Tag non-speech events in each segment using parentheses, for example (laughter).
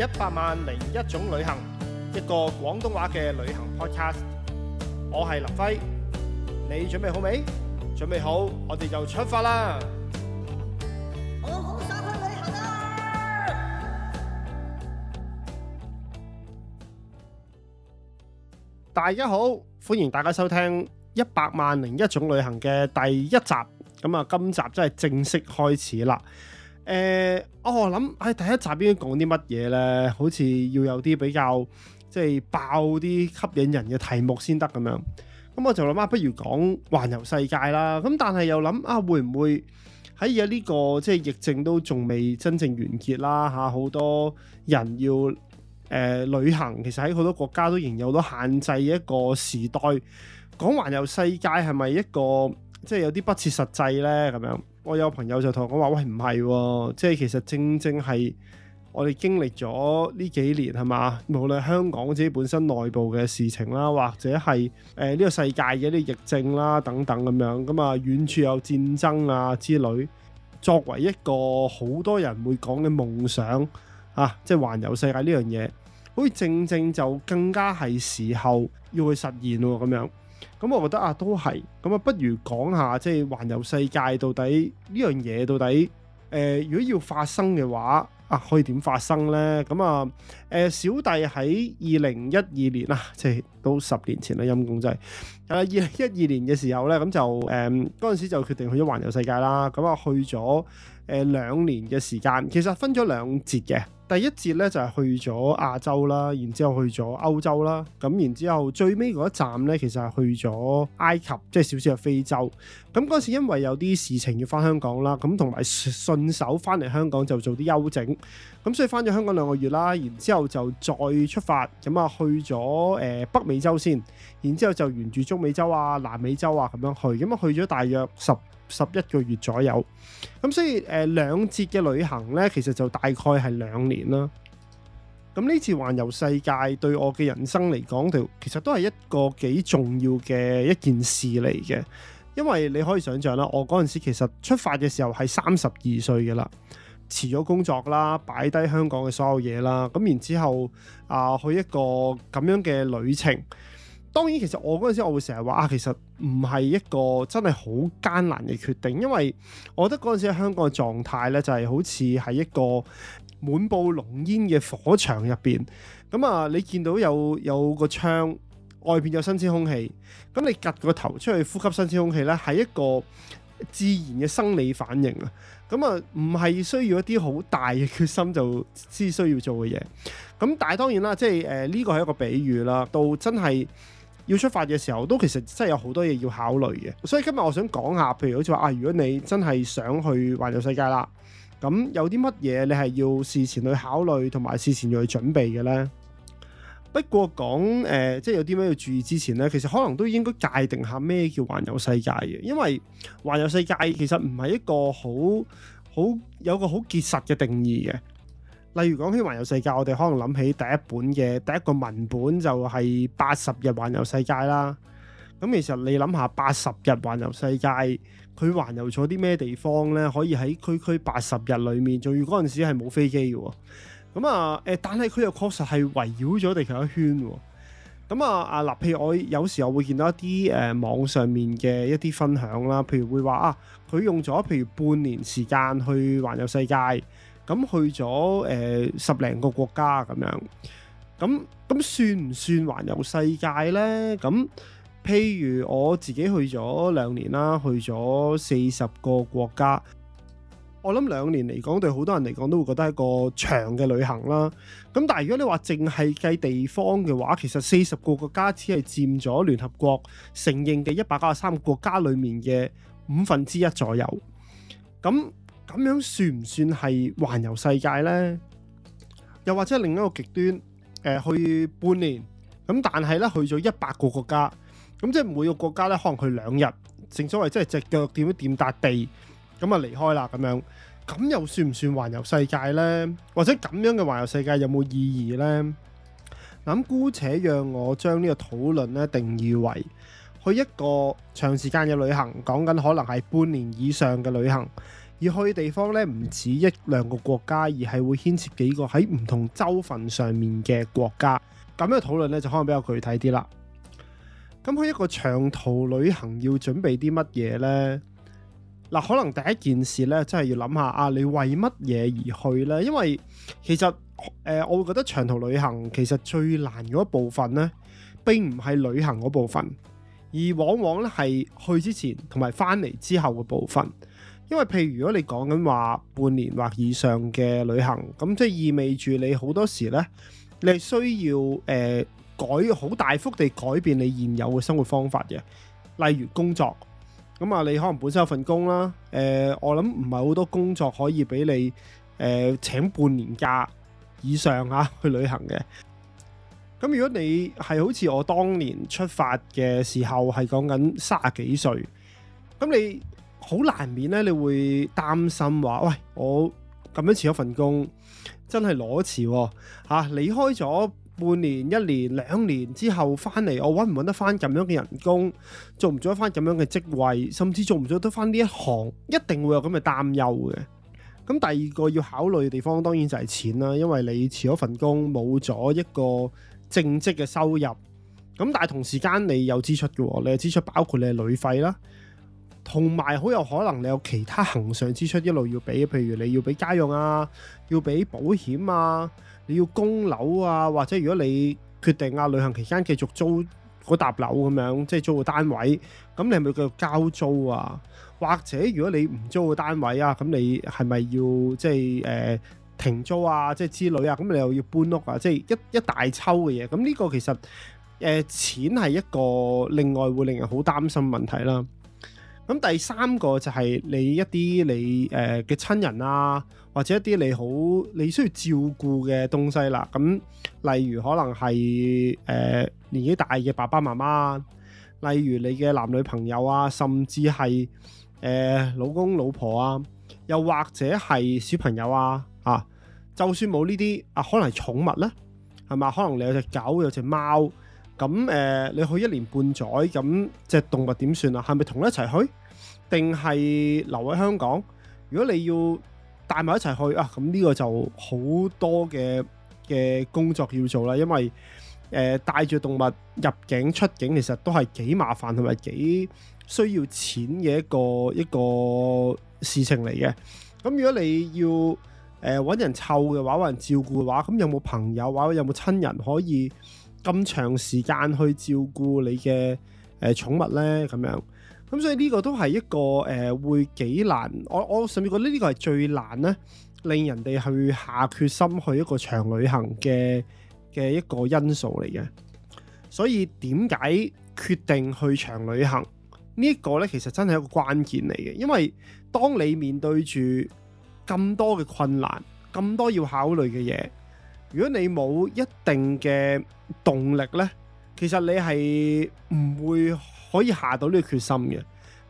一百萬零一種旅行，一個廣東話嘅旅行 podcast。我係林輝，你準備好未？準備好，我哋就出發啦！我好想去旅行啊！大家好，歡迎大家收聽《一百萬零一種旅行》嘅第一集。咁啊，今集真係正式開始啦！誒、欸，我諗喺第一集應該講啲乜嘢咧？好似要有啲比較即係爆啲吸引人嘅題目先得咁樣。咁我就諗啊，不如講環遊世界啦。咁但係又諗啊，會唔會喺而家呢個即係疫症都仲未真正完結啦？嚇，好多人要誒、呃、旅行，其實喺好多國家都仍有好多限制一個時代。講環遊世界係咪一個即係有啲不切實際咧？咁樣。我有朋友就同我講話：喂，唔係喎，即係其實正正係我哋經歷咗呢幾年係嘛，無論香港自己本身內部嘅事情啦，或者係誒呢個世界嘅啲疫症啦等等咁樣，咁啊遠處有戰爭啊之類，作為一個好多人會講嘅夢想啊，即係環遊世界呢樣嘢，好似正正就更加係時候要去實現喎咁樣。咁、嗯、我覺得啊，都係，咁、嗯、啊，不如講下即係環遊世界，到底呢樣嘢到底誒、呃，如果要發生嘅話，啊，可以點發生呢？咁、嗯、啊。嗯誒、呃、小弟喺二零一二年啦、啊，即係都十年前啦，陰公仔。係、呃。啦，二零一二年嘅時候咧，咁就誒陣、呃、時就決定去咗環遊世界啦。咁啊，去咗誒兩年嘅時間，其實分咗兩節嘅。第一節咧就係、是、去咗亞洲啦，然之後去咗歐洲啦。咁然之後最尾嗰一站咧，其實係去咗埃及，即係少少嘅非洲。咁嗰陣時因為有啲事情要翻香港啦，咁同埋順手翻嚟香港就做啲休整。咁所以翻咗香港兩個月啦，然之後。就再出發，咁啊去咗誒、呃、北美洲先，然之後就沿住中美洲啊、南美洲啊咁樣去，咁啊去咗大約十十一個月左右，咁所以誒、呃、兩節嘅旅行呢，其實就大概係兩年啦。咁呢次環遊世界對我嘅人生嚟講，其實都係一個幾重要嘅一件事嚟嘅，因為你可以想象啦，我嗰陣時其實出發嘅時候係三十二歲㗎喇。辭咗工作啦，擺低香港嘅所有嘢啦，咁然之後啊，去一個咁樣嘅旅程。當然，其實我嗰陣時，我會成日話啊，其實唔係一個真係好艱難嘅決定，因為我覺得嗰陣時喺香港嘅狀態呢，就係好似喺一個滿布濃煙嘅火場入邊。咁、嗯、啊，你見到有有個窗外邊有新鮮空氣，咁、嗯、你趌個頭出去呼吸新鮮空氣呢，係一個自然嘅生理反應啊！咁啊，唔係需要一啲好大嘅決心就先需要做嘅嘢。咁但係當然啦，即係誒呢個係一個比喻啦。到真係要出發嘅時候，都其實真係有好多嘢要考慮嘅。所以今日我想講下，譬如好似話啊，如果你真係想去環遊世界啦，咁有啲乜嘢你係要事前去考慮同埋事前要去準備嘅呢？不過講誒、呃，即係有啲咩要注意之前呢？其實可能都應該界定下咩叫環遊世界嘅，因為環遊世界其實唔係一個好好有個好結實嘅定義嘅。例如講起環遊世界，我哋可能諗起第一本嘅第一個文本就係八十日環遊世界啦。咁其實你諗下，八十日環遊世界，佢環遊咗啲咩地方呢？可以喺區區八十日裡面，仲要嗰陣時係冇飛機嘅喎。咁啊，誒、嗯，但係佢又確實係圍繞咗地球一圈喎、哦。咁、嗯、啊，啊，嗱，譬如我有時候會見到一啲誒、呃、網上面嘅一啲分享啦，譬如會話啊，佢用咗譬如半年時間去環遊世界，咁、嗯、去咗誒、呃、十零個國家咁樣。咁、嗯、咁、嗯、算唔算環遊世界呢？咁、嗯、譬如我自己去咗兩年啦，去咗四十個國家。我諗兩年嚟講，對好多人嚟講都會覺得係一個長嘅旅行啦。咁但係如果你話淨係計地方嘅話，其實四十個個國家只係佔咗聯合國承認嘅一百九十三個國家裏面嘅五分之一左右。咁咁樣算唔算係環遊世界呢？又或者另一個極端，誒、呃、去半年咁，但係咧去咗一百個國家，咁即係每個國家咧可能去兩日，正所謂即係隻腳點都點搭地。咁啊，就離開啦，咁樣咁又算唔算環遊世界呢？或者咁樣嘅環遊世界有冇意義呢？咁姑且讓我將呢個討論呢定義為去一個長時間嘅旅行，講緊可能係半年以上嘅旅行，而去地方呢，唔止一兩個國家，而係會牽涉幾個喺唔同州份上面嘅國家。咁嘅討論呢，就可能比較具體啲啦。咁去一個長途旅行要準備啲乜嘢呢？嗱，可能第一件事咧，真係要諗下啊，你為乜嘢而去呢？因為其實誒、呃，我會覺得長途旅行其實最難嗰一部分呢，並唔係旅行嗰部分，而往往咧係去之前同埋翻嚟之後嘅部分。因為譬如如果你講緊話半年或以上嘅旅行，咁即係意味住你好多時呢，你係需要誒、呃、改好大幅地改變你現有嘅生活方法嘅，例如工作。咁啊、嗯，你可能本身有份工啦，誒、呃，我諗唔係好多工作可以俾你誒、呃，請半年假以上吓、啊、去旅行嘅。咁、嗯、如果你係好似我當年出發嘅時候，係講緊三十幾歲，咁、嗯、你好難免咧，你會擔心話：喂，我咁樣辭咗份工，真係裸辭喎嚇，離開咗，半年、一年、兩年之後翻嚟，我揾唔揾得翻咁樣嘅人工，做唔做得翻咁樣嘅職位，甚至做唔做得翻呢一行，一定會有咁嘅擔憂嘅。咁第二個要考慮嘅地方，當然就係錢啦，因為你辭咗份工，冇咗一個正職嘅收入。咁但係同時間你有支出嘅，你嘅支出包括你嘅旅費啦，同埋好有可能你有其他行上支出一路要俾，譬如你要俾家用啊，要俾保險啊。你要供樓啊，或者如果你決定啊，旅行期間繼續租嗰沓樓咁樣，即係租個單位，咁你係咪叫交租啊？或者如果你唔租個單位啊，咁你係咪要即係誒、呃、停租啊，即係之類啊。咁你又要搬屋啊，即係一一大抽嘅嘢。咁呢個其實誒、呃、錢係一個另外會令人好擔心問題啦。咁第三個就係你一啲你誒嘅親人啊。或者一啲你好你需要照顧嘅東西啦，咁例如可能係誒、呃、年紀大嘅爸爸媽媽，例如你嘅男女朋友啊，甚至係誒、呃、老公老婆啊，又或者係小朋友啊，吓、啊，就算冇呢啲啊，可能係寵物啦，係嘛？可能你有隻狗有隻貓，咁誒、呃、你去一年半載，咁隻動物點算啊？係咪同一齊去？定係留喺香港？如果你要帶埋一齊去啊！咁呢個就好多嘅嘅工作要做啦，因為誒、呃、帶住動物入境出境其實都係幾麻煩同埋幾需要錢嘅一個一個事情嚟嘅。咁、嗯、如果你要誒搵人湊嘅話，搵、呃、人照顧嘅話，咁有冇朋友話有冇親人可以咁長時間去照顧你嘅誒、呃、寵物呢？咁樣。咁、嗯、所以呢個都係一個誒、呃、會幾難，我我甚至覺得呢個係最難咧，令人哋去下決心去一個長旅行嘅嘅一個因素嚟嘅。所以點解決定去長旅行呢一、呢個呢，其實真係一個關鍵嚟嘅，因為當你面對住咁多嘅困難，咁多要考慮嘅嘢，如果你冇一定嘅動力呢，其實你係唔會可以下到呢個決心嘅，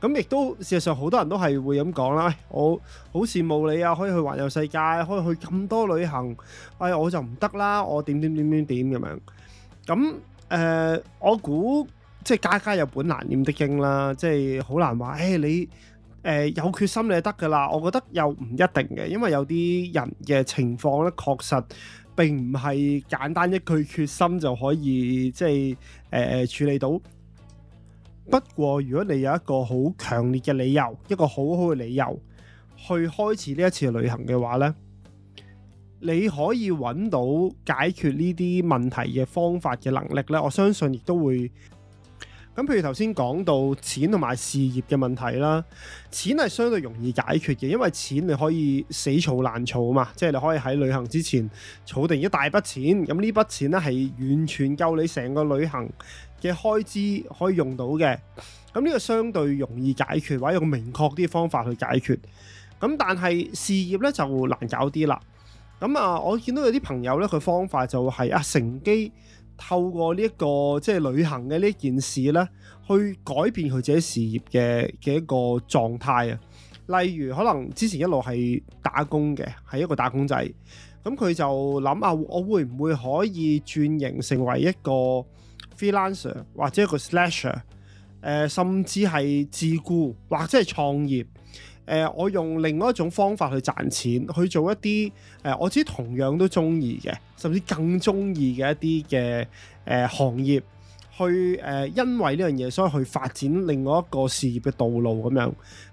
咁亦都事實上好多人都係會咁講啦。我好羨慕你啊，可以去環遊世界，可以去咁多旅行。哎，我就唔得啦，我點點點點點咁樣。咁誒，我估即係家家有本難唸的經啦，即係好難話誒你誒有決心你就得㗎喇。我覺得又唔一定嘅，因為有啲人嘅情況咧，確實並唔係簡單一句決心就可以即係誒處理到。不過，如果你有一個好強烈嘅理由，一個好好嘅理由，去開始呢一次旅行嘅話呢，你可以揾到解決呢啲問題嘅方法嘅能力呢，我相信亦都會。咁譬如頭先講到錢同埋事業嘅問題啦，錢係相對容易解決嘅，因為錢你可以死儲、爛儲啊嘛，即係你可以喺旅行之前儲定一大筆錢，咁呢筆錢咧係完全夠你成個旅行嘅開支可以用到嘅。咁呢個相對容易解決，或者用明確啲方法去解決。咁但係事業呢，就難搞啲啦。咁啊，我見到有啲朋友呢，佢方法就係啊乘機。透過呢一個即係旅行嘅呢件事咧，去改變佢自己事業嘅嘅一個狀態啊。例如可能之前一路係打工嘅，係一個打工仔，咁佢就諗啊，我會唔會可以轉型成為一個 freelancer 或者一個 slasher？呃，甚至係自雇或者係創業。誒、呃，我用另外一種方法去賺錢，去做一啲誒、呃，我自己同樣都中意嘅，甚至更中意嘅一啲嘅誒行業，去誒、呃、因為呢樣嘢，所以去發展另外一個事業嘅道路咁樣。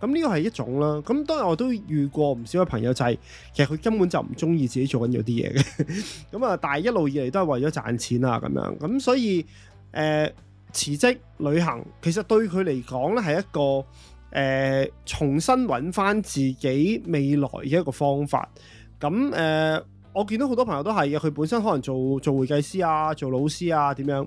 咁呢個係一種啦。咁當然我都遇過唔少嘅朋友，就係其實佢根本就唔中意自己做緊嗰啲嘢嘅。咁啊，但係一路以嚟都係為咗賺錢啊，咁樣。咁所以誒、呃、辭職旅行，其實對佢嚟講咧係一個。誒、呃、重新揾翻自己未來嘅一個方法，咁、嗯、誒、呃、我見到好多朋友都係嘅，佢本身可能做做會計師啊、做老師啊點樣，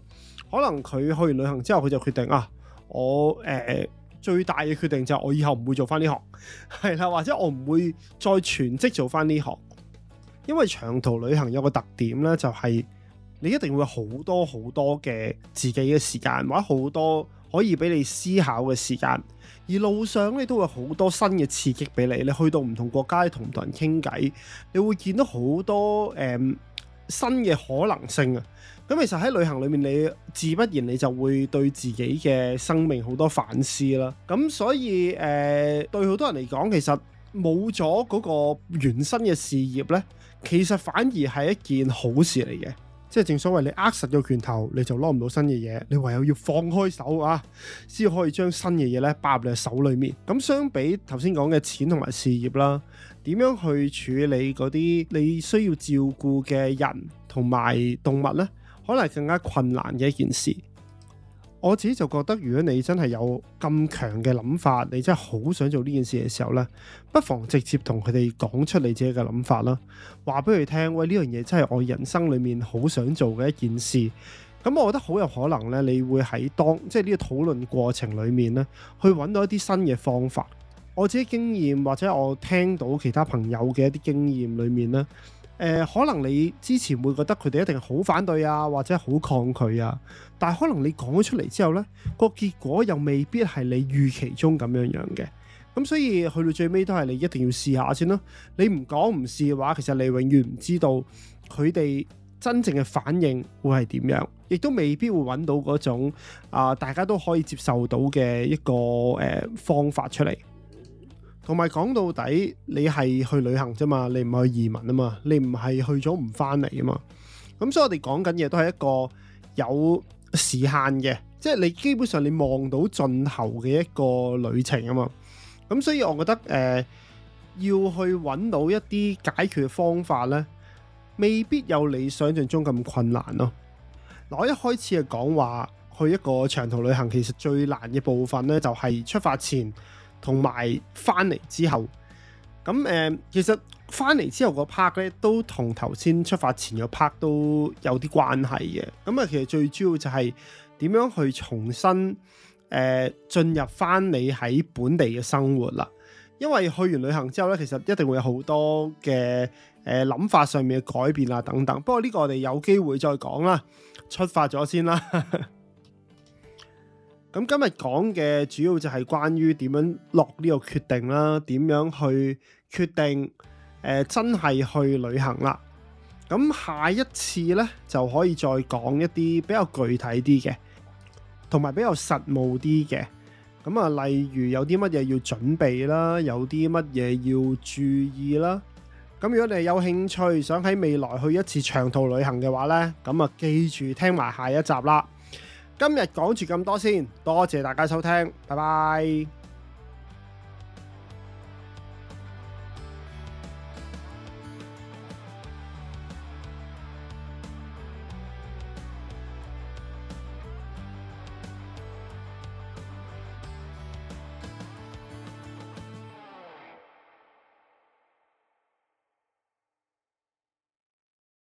可能佢去完旅行之後，佢就決定啊，我誒、呃、最大嘅決定就係我以後唔會做翻呢行，係啦，或者我唔會再全職做翻呢行，因為長途旅行有個特點呢，就係、是、你一定會好多好多嘅自己嘅時間，或者好多，可以俾你思考嘅時間，而路上咧都會好多新嘅刺激俾你。你去到唔同國家同唔同人傾偈，你會見到好多誒、嗯、新嘅可能性啊！咁、嗯、其實喺旅行裏面，你自不然你就會對自己嘅生命好多反思啦。咁、嗯、所以誒、嗯，對好多人嚟講，其實冇咗嗰個原生嘅事業呢，其實反而係一件好事嚟嘅。即係正所謂，你握實個拳頭，你就攞唔到新嘅嘢。你唯有要放開手啊，先可以將新嘅嘢咧擺入你手裏面。咁相比頭先講嘅錢同埋事業啦，點樣去處理嗰啲你需要照顧嘅人同埋動物呢？可能係更加困難嘅一件事。我自己就覺得，如果你真係有咁強嘅諗法，你真係好想做呢件事嘅時候呢，不妨直接同佢哋講出你自己嘅諗法啦，話俾佢聽，喂，呢樣嘢真係我人生裡面好想做嘅一件事。咁我覺得好有可能呢，你會喺當即係呢個討論過程裡面呢，去揾到一啲新嘅方法。我自己經驗或者我聽到其他朋友嘅一啲經驗裡面呢。呃、可能你之前會覺得佢哋一定好反對啊，或者好抗拒啊，但係可能你講咗出嚟之後呢，個結果又未必係你預期中咁樣樣嘅。咁所以去到最尾都係你一定要試下先咯。你唔講唔試嘅話，其實你永遠唔知道佢哋真正嘅反應會係點樣，亦都未必會揾到嗰種啊、呃、大家都可以接受到嘅一個誒、呃、方法出嚟。同埋講到底，你係去旅行啫嘛，你唔去移民啊嘛，你唔係去咗唔翻嚟啊嘛，咁所以我哋講緊嘢都係一個有時限嘅，即係你基本上你望到盡頭嘅一個旅程啊嘛，咁所以我覺得誒、呃、要去揾到一啲解決方法呢，未必有你想象中咁困難咯、啊。嗱，我一開始係講話去一個長途旅行，其實最難嘅部分呢，就係、是、出發前。同埋翻嚟之後，咁誒、呃、其實翻嚟之後個 pack 咧，都同頭先出發前個 pack 都有啲關係嘅。咁啊，其實最主要就係點樣去重新誒、呃、進入翻你喺本地嘅生活啦。因為去完旅行之後咧，其實一定會有好多嘅誒諗法上面嘅改變啊等等。不過呢個我哋有機會再講啦。出發咗先啦。 (laughs) 咁今日講嘅主要就係關於點樣落呢個決定啦，點樣去決定誒、呃、真係去旅行啦。咁下一次呢，就可以再講一啲比較具體啲嘅，同埋比較實務啲嘅。咁啊，例如有啲乜嘢要準備啦，有啲乜嘢要注意啦。咁如果你有興趣，想喺未來去一次長途旅行嘅話呢，咁啊記住聽埋下一集啦。今日講住咁多先，多謝大家收聽，拜拜。